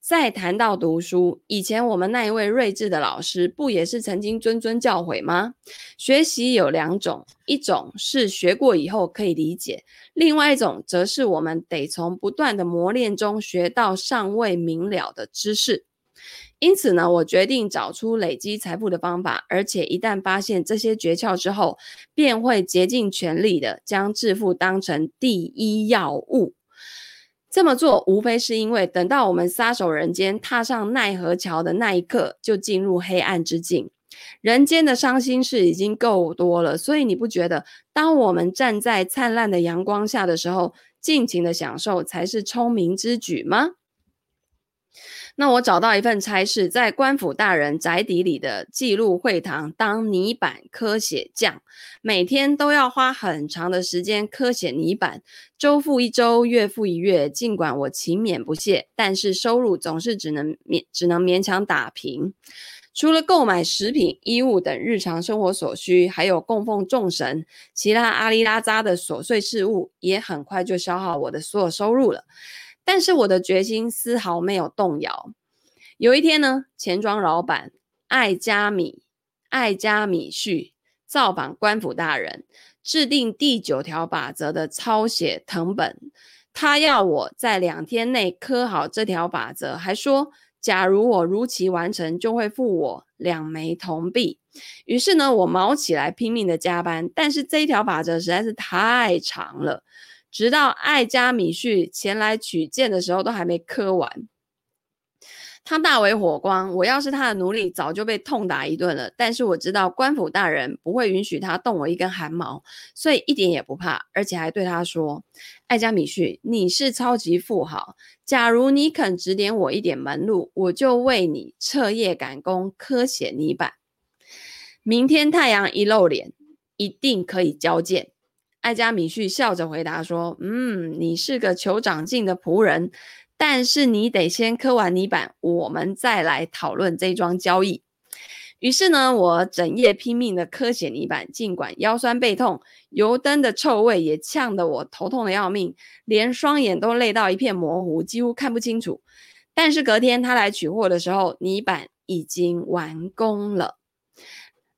再談到讀書，以前我們那一位睿智的老師不也是曾經諄諄教誨嗎？學習有兩種，一種是學過以後可以理解，另外一種則是我們得從不斷的磨練中學到尚未明了的知識。因此呢，我決定找出累積財富的方法，而且一旦發現這些訣竅之後，便會竭盡全力地將致富當成第一要務。這麼做無非是因為，等到我們撒手人間、踏上奈何橋的那一刻，就進入黑暗之境。人間的傷心事已經夠多了，所以你不覺得，當我們站在燦爛的陽光下的時候，盡情的享受才是聰明之舉嗎？那我找到一份差事，在官府大人宅邸裡的記錄會堂當泥板刻寫匠，每天都要花很長的時間刻寫泥板，週復一周，月復一月。儘管我勤勉不懈，但是收入總是只能勉只能勉強打平。除了購買食品、衣物等日常生活所需，還有供奉眾神、其他阿里拉扎的瑣碎事務，也很快就消耗我的所有收入了。但是我的決心絲毫沒有動搖。有一天呢，錢莊老闆艾加米，艾加米旭造訪官府大人制定第九條法則的抄寫謄本，他要我在兩天內刻好這條法則，還說假如我如期完成，就會付我兩枚銅幣。於是呢，我卯起來拼命的加班，但是這一條法則實在是太長了。直到艾佳米旭前來取劍的時候，都還沒刻完。他大為火光，我要是他的奴隸，早就被痛打一頓了。但是我知道官府大人不會允許他動我一根汗毛，所以一點也不怕，而且還對他說：“艾佳米旭，你是超級富豪，假如你肯指點我一點門路，我就為你徹夜趕工刻寫泥板，明天太陽一露臉，一定可以交劍。”艾佳米旭笑着回答說：“嗯，你是個求長進的僕人，但是你得先刻完泥板，我們再來討論這樁交易。”於是呢，我整夜拼命地刻寫泥板，儘管腰痠背痛，油燈的臭味也嗆得我頭痛得要命，連雙眼都累到一片模糊，幾乎看不清楚。但是隔天他來取貨的時候，泥板已經完工了。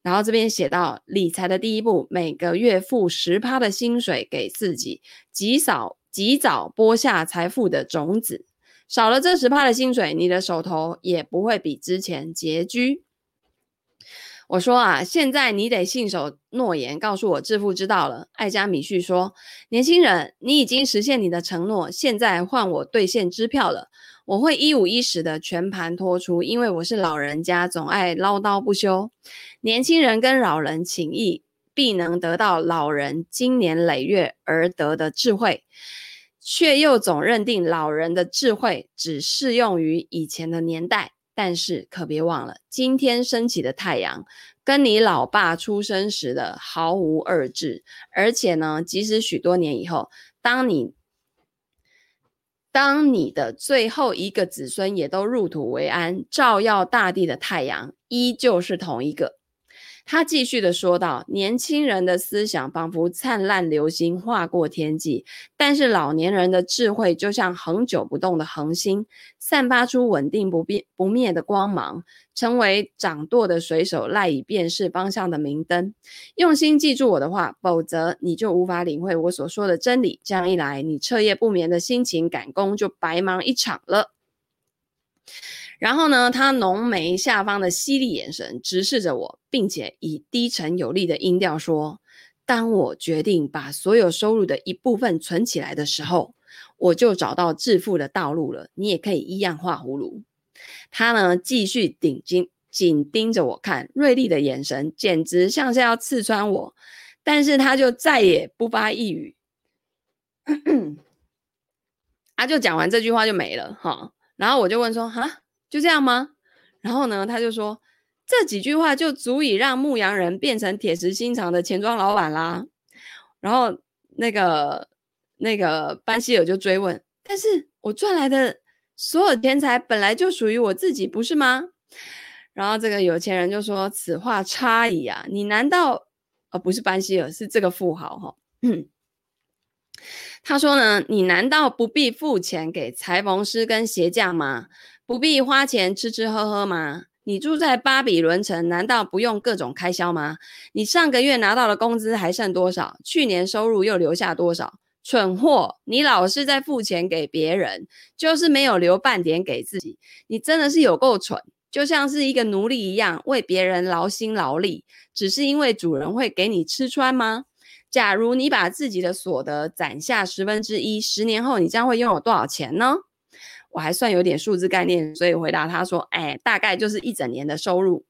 然後這邊寫到理財的第一步，每個月付十趴的薪水給自己，及少，及早播下財富的種子。少了這十趴的薪水，你的手頭也不會比之前拮據。我說啊，現在你得信守諾言，告訴我致富之道了。艾加米旭說，年輕人，你已經實現你的承諾，現在換我兌現支票了。我會一五一十的全盤托出，因為我是老人家，總愛嘮叨不休。年輕人跟老人請益，必能得到老人經年累月而得的智慧，卻又總認定老人的智慧只適用於以前的年代。但是可別忘了，今天升起的太陽跟你老爸出生時的毫無二致。而且呢，即使許多年以後，當你當你的最後一個子孫也都入土為安，照耀大地的太陽依舊是同一個。他繼續地說道：“年輕人的思想仿佛燦爛流星劃過天際，但是老年人的智慧就像恆久不動的恆星，散發出穩定不變不滅的光芒，成為掌舵的水手賴以辨識方向的明燈。用心記住我的話，否則你就無法領會我所說的真理。這樣一來，你徹夜不眠的心情趕工就白忙一場了。”然後呢，他濃眉下方的犀利眼神直視着我，並且以低沉有力的音調說：“當我決定把所有收入的一部分存起來的時候，我就找到致富的道路了。你也可以一樣畫葫蘆。”他呢，繼續盯緊盯着我看，銳利的眼神簡直像是要刺穿我。但是他就再也不發一語，他、 啊、就講完這句話就沒了哈。然後我就問說：“哈？”就這樣嗎？然後呢？他就說這幾句話就足以讓牧羊人變成鐵石心腸的錢莊老板啦。然後那個那個班希爾就追問：“但是我賺來的所有錢財本來就屬於我自己，不是嗎？”然後這個有錢人就說：“此話差矣啊！你難道……呃、哦，不是班希爾，是這個富豪哈、哦。”他說呢：“你難道不必付錢給裁縫師跟鞋匠嗎？”不必花錢吃吃喝喝嗎？你住在巴比倫城，難道不用各種開銷嗎？你上個月拿到的工資還剩多少？去年收入又留下多少？蠢貨，你老是在付錢給別人，就是沒有留半點給自己。你真的是有夠蠢，就像是一個奴隸一樣，為別人勞心勞力，只是因為主人會給你吃穿嗎？假如你把自己的所得攢下十分之一，十年後你將會擁有多少錢呢？我還算有點數字概念，所以回答他說：“哎，大概就是一整年的收入。”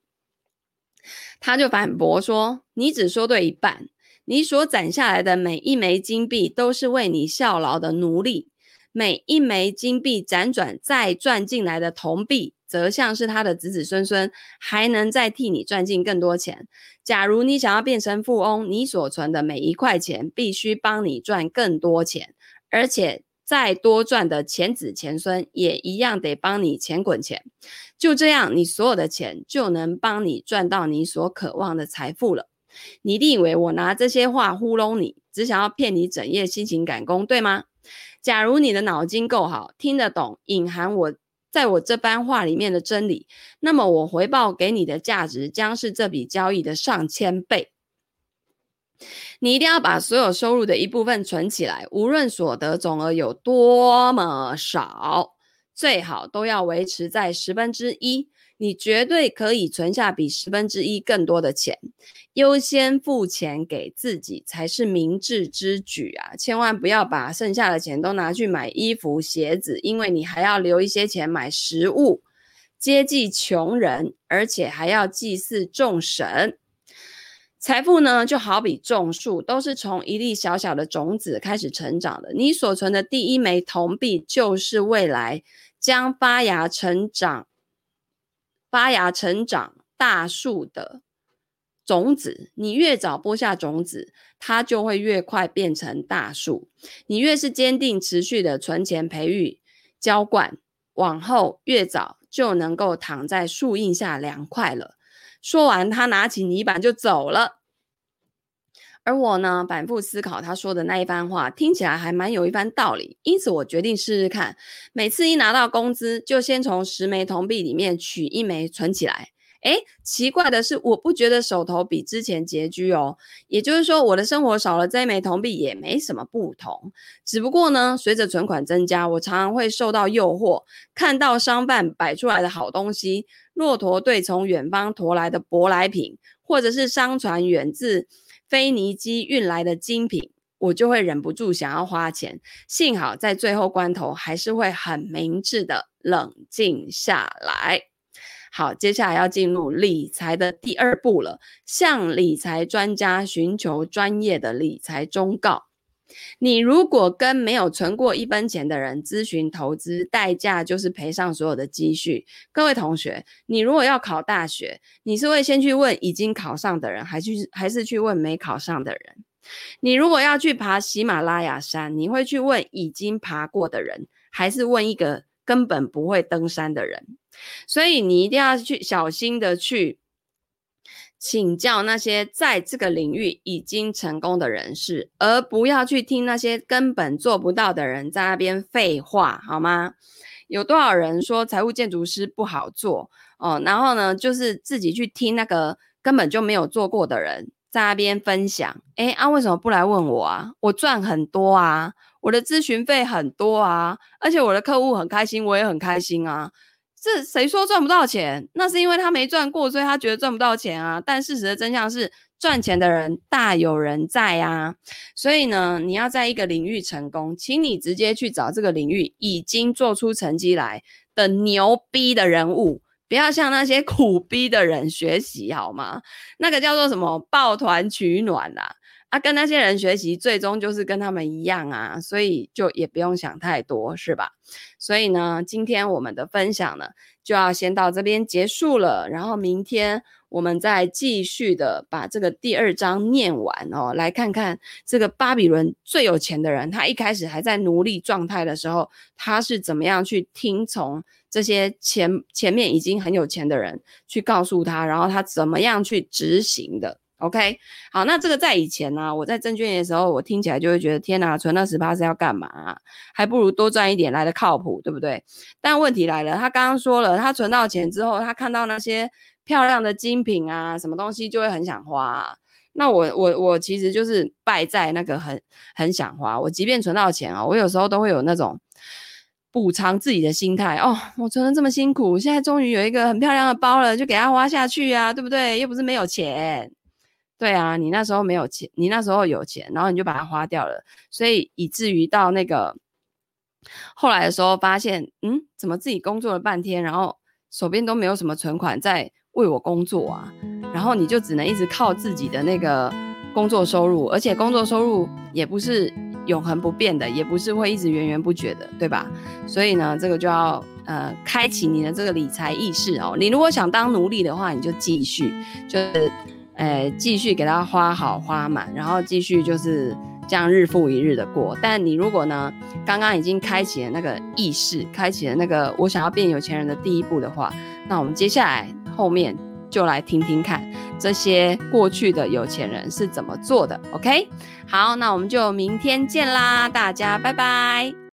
他就反駁說：“你只說對一半，你所攢下來的每一枚金幣都是為你效勞的奴隸，每一枚金幣輾轉再賺進來的銅幣，則像是他的子子孫孫，還能再替你賺進更多錢。假如你想要變成富翁，你所存的每一塊錢必須幫你賺更多錢，而且。”再多賺的錢子錢孫也一樣得幫你錢滾錢，就這樣，你所有的錢就能幫你賺到你所渴望的財富了。你一定以為我拿這些話糊弄你，只想要騙你整夜辛勤趕工，對嗎？假如你的腦筋夠好，聽得懂，隱含我在我這番話裡面的真理，那麼我回報給你的價值將是這筆交易的上千倍。你一定要把所有收入的一部分存起來，無論所得總額有多麼少，最好都要維持在十分之一。你絕對可以存下比十分之一更多的錢。優先付錢給自己才是明智之舉啊！千萬不要把剩下的錢都拿去買衣服、鞋子，因為你還要留一些錢買食物，接濟窮人，而且還要祭祀眾神。財富呢，就好比種樹，都是從一粒小小的種子開始成長的。你所存的第一枚銅幣，就是未來將發芽成長、發芽成長大樹的種子。你越早播下種子，它就會越快變成大樹。你越是堅定、持續的存錢、培育、澆灌，往後越早就能夠躺在樹蔭下涼快了。說完，他拿起泥板就走了。而我呢，反覆思考他說的那一番話，聽起來還蠻有一番道理。因此，我決定試試看，每次一拿到工資，就先從十枚銅幣裡面取一枚存起來。哎，奇怪的是，我不覺得手頭比之前拮据哦。也就是說，我的生活少了這一枚銅幣也沒什麼不同。只不過呢，隨着存款增加，我常常會受到誘惑，看到商販擺出來的好東西，駱駝隊從遠方馱來的舶來品，或者是商船遠自腓尼基運來的精品，我就會忍不住想要花錢。幸好在最後關頭，還是會很明智的冷靜下來。好，接下來要進入理財的第二步了，向理財專家尋求專業的理財忠告。你如果跟沒有存過一分錢的人諮詢投資，代價就是賠上所有的積蓄。各位同學，你如果要考大學，你是會先去問已經考上的人，還是還是去問沒考上的人？你如果要去爬喜馬拉雅山，你會去問已經爬過的人，還是問一個？根本不會登山的人，所以你一定要去小心的去請教那些在這個領域已經成功的人士，而不要去聽那些根本做不到的人在那邊廢話，好嗎？有多少人說財務建築師不好做哦？然後呢，就是自己去聽那個根本就沒有做過的人在那邊分享，哎，啊，為什麼不來問我啊？我賺很多啊。我的諮詢費很多啊，而且我的客戶很開心，我也很開心啊。是誰說賺不到錢？那是因為他沒賺過，所以他覺得賺不到錢啊。但事實的真相是，賺錢的人大有人在啊。所以呢，你要在一個領域成功，請你直接去找這個領域已經做出成績來的牛逼的人物，不要向那些苦逼的人學習好嗎？那個叫做什麼抱團取暖啊。啊，跟那些人學習，最終就是跟他們一樣啊，所以就也不用想太多，是吧？所以呢，今天我們的分享呢，就要先到這邊結束了，然後明天我們再繼續的把這個第二章念完哦，來看看這個巴比倫最有錢的人，他一開始還在奴隸狀態的時候，他是怎麼樣去聽從這些前前面已經很有錢的人去告訴他，然後他怎麼樣去執行的。OK，好，那這個在以前呢、啊，我在證券業的時候，我聽起來就會覺得天啊，存到10%是要幹嘛、啊？還不如多賺一點來得靠譜，對不對？但問題來了，他剛剛說了，他存到錢之後，他看到那些漂亮的精品啊，什麼東西就會很想花、啊。那我我我其實就是敗在那個很很想花。我即便存到錢啊，我有時候都會有那種補償自己的心態哦，我存的這麼辛苦，現在終於有一個很漂亮的包了，就給他花下去啊，對不對？又不是沒有錢。對啊，你那時候沒有錢，你那時候有錢，然後你就把它花掉了，所以以至於到那個後來的時候，發現，嗯，怎麼自己工作了半天，然後手邊都沒有什麼存款在為我工作啊？然後你就只能一直靠自己的那個工作收入，而且工作收入也不是永恆不變的，也不是會一直源源不絕的，對吧？所以呢，這個就要呃，開啟你的這個理財意識哦。你如果想當奴隸的話，你就繼續就是。呃，繼續給他花好花滿，然後繼續就是這樣日復一日的過。但你如果呢，剛剛已經開啟了那個意識，開啟了那個我想要變有錢人的第一步的話，那我們接下來後面就來聽聽看這些過去的有錢人是怎麼做的。OK，好，那我們就明天見啦，大家拜拜。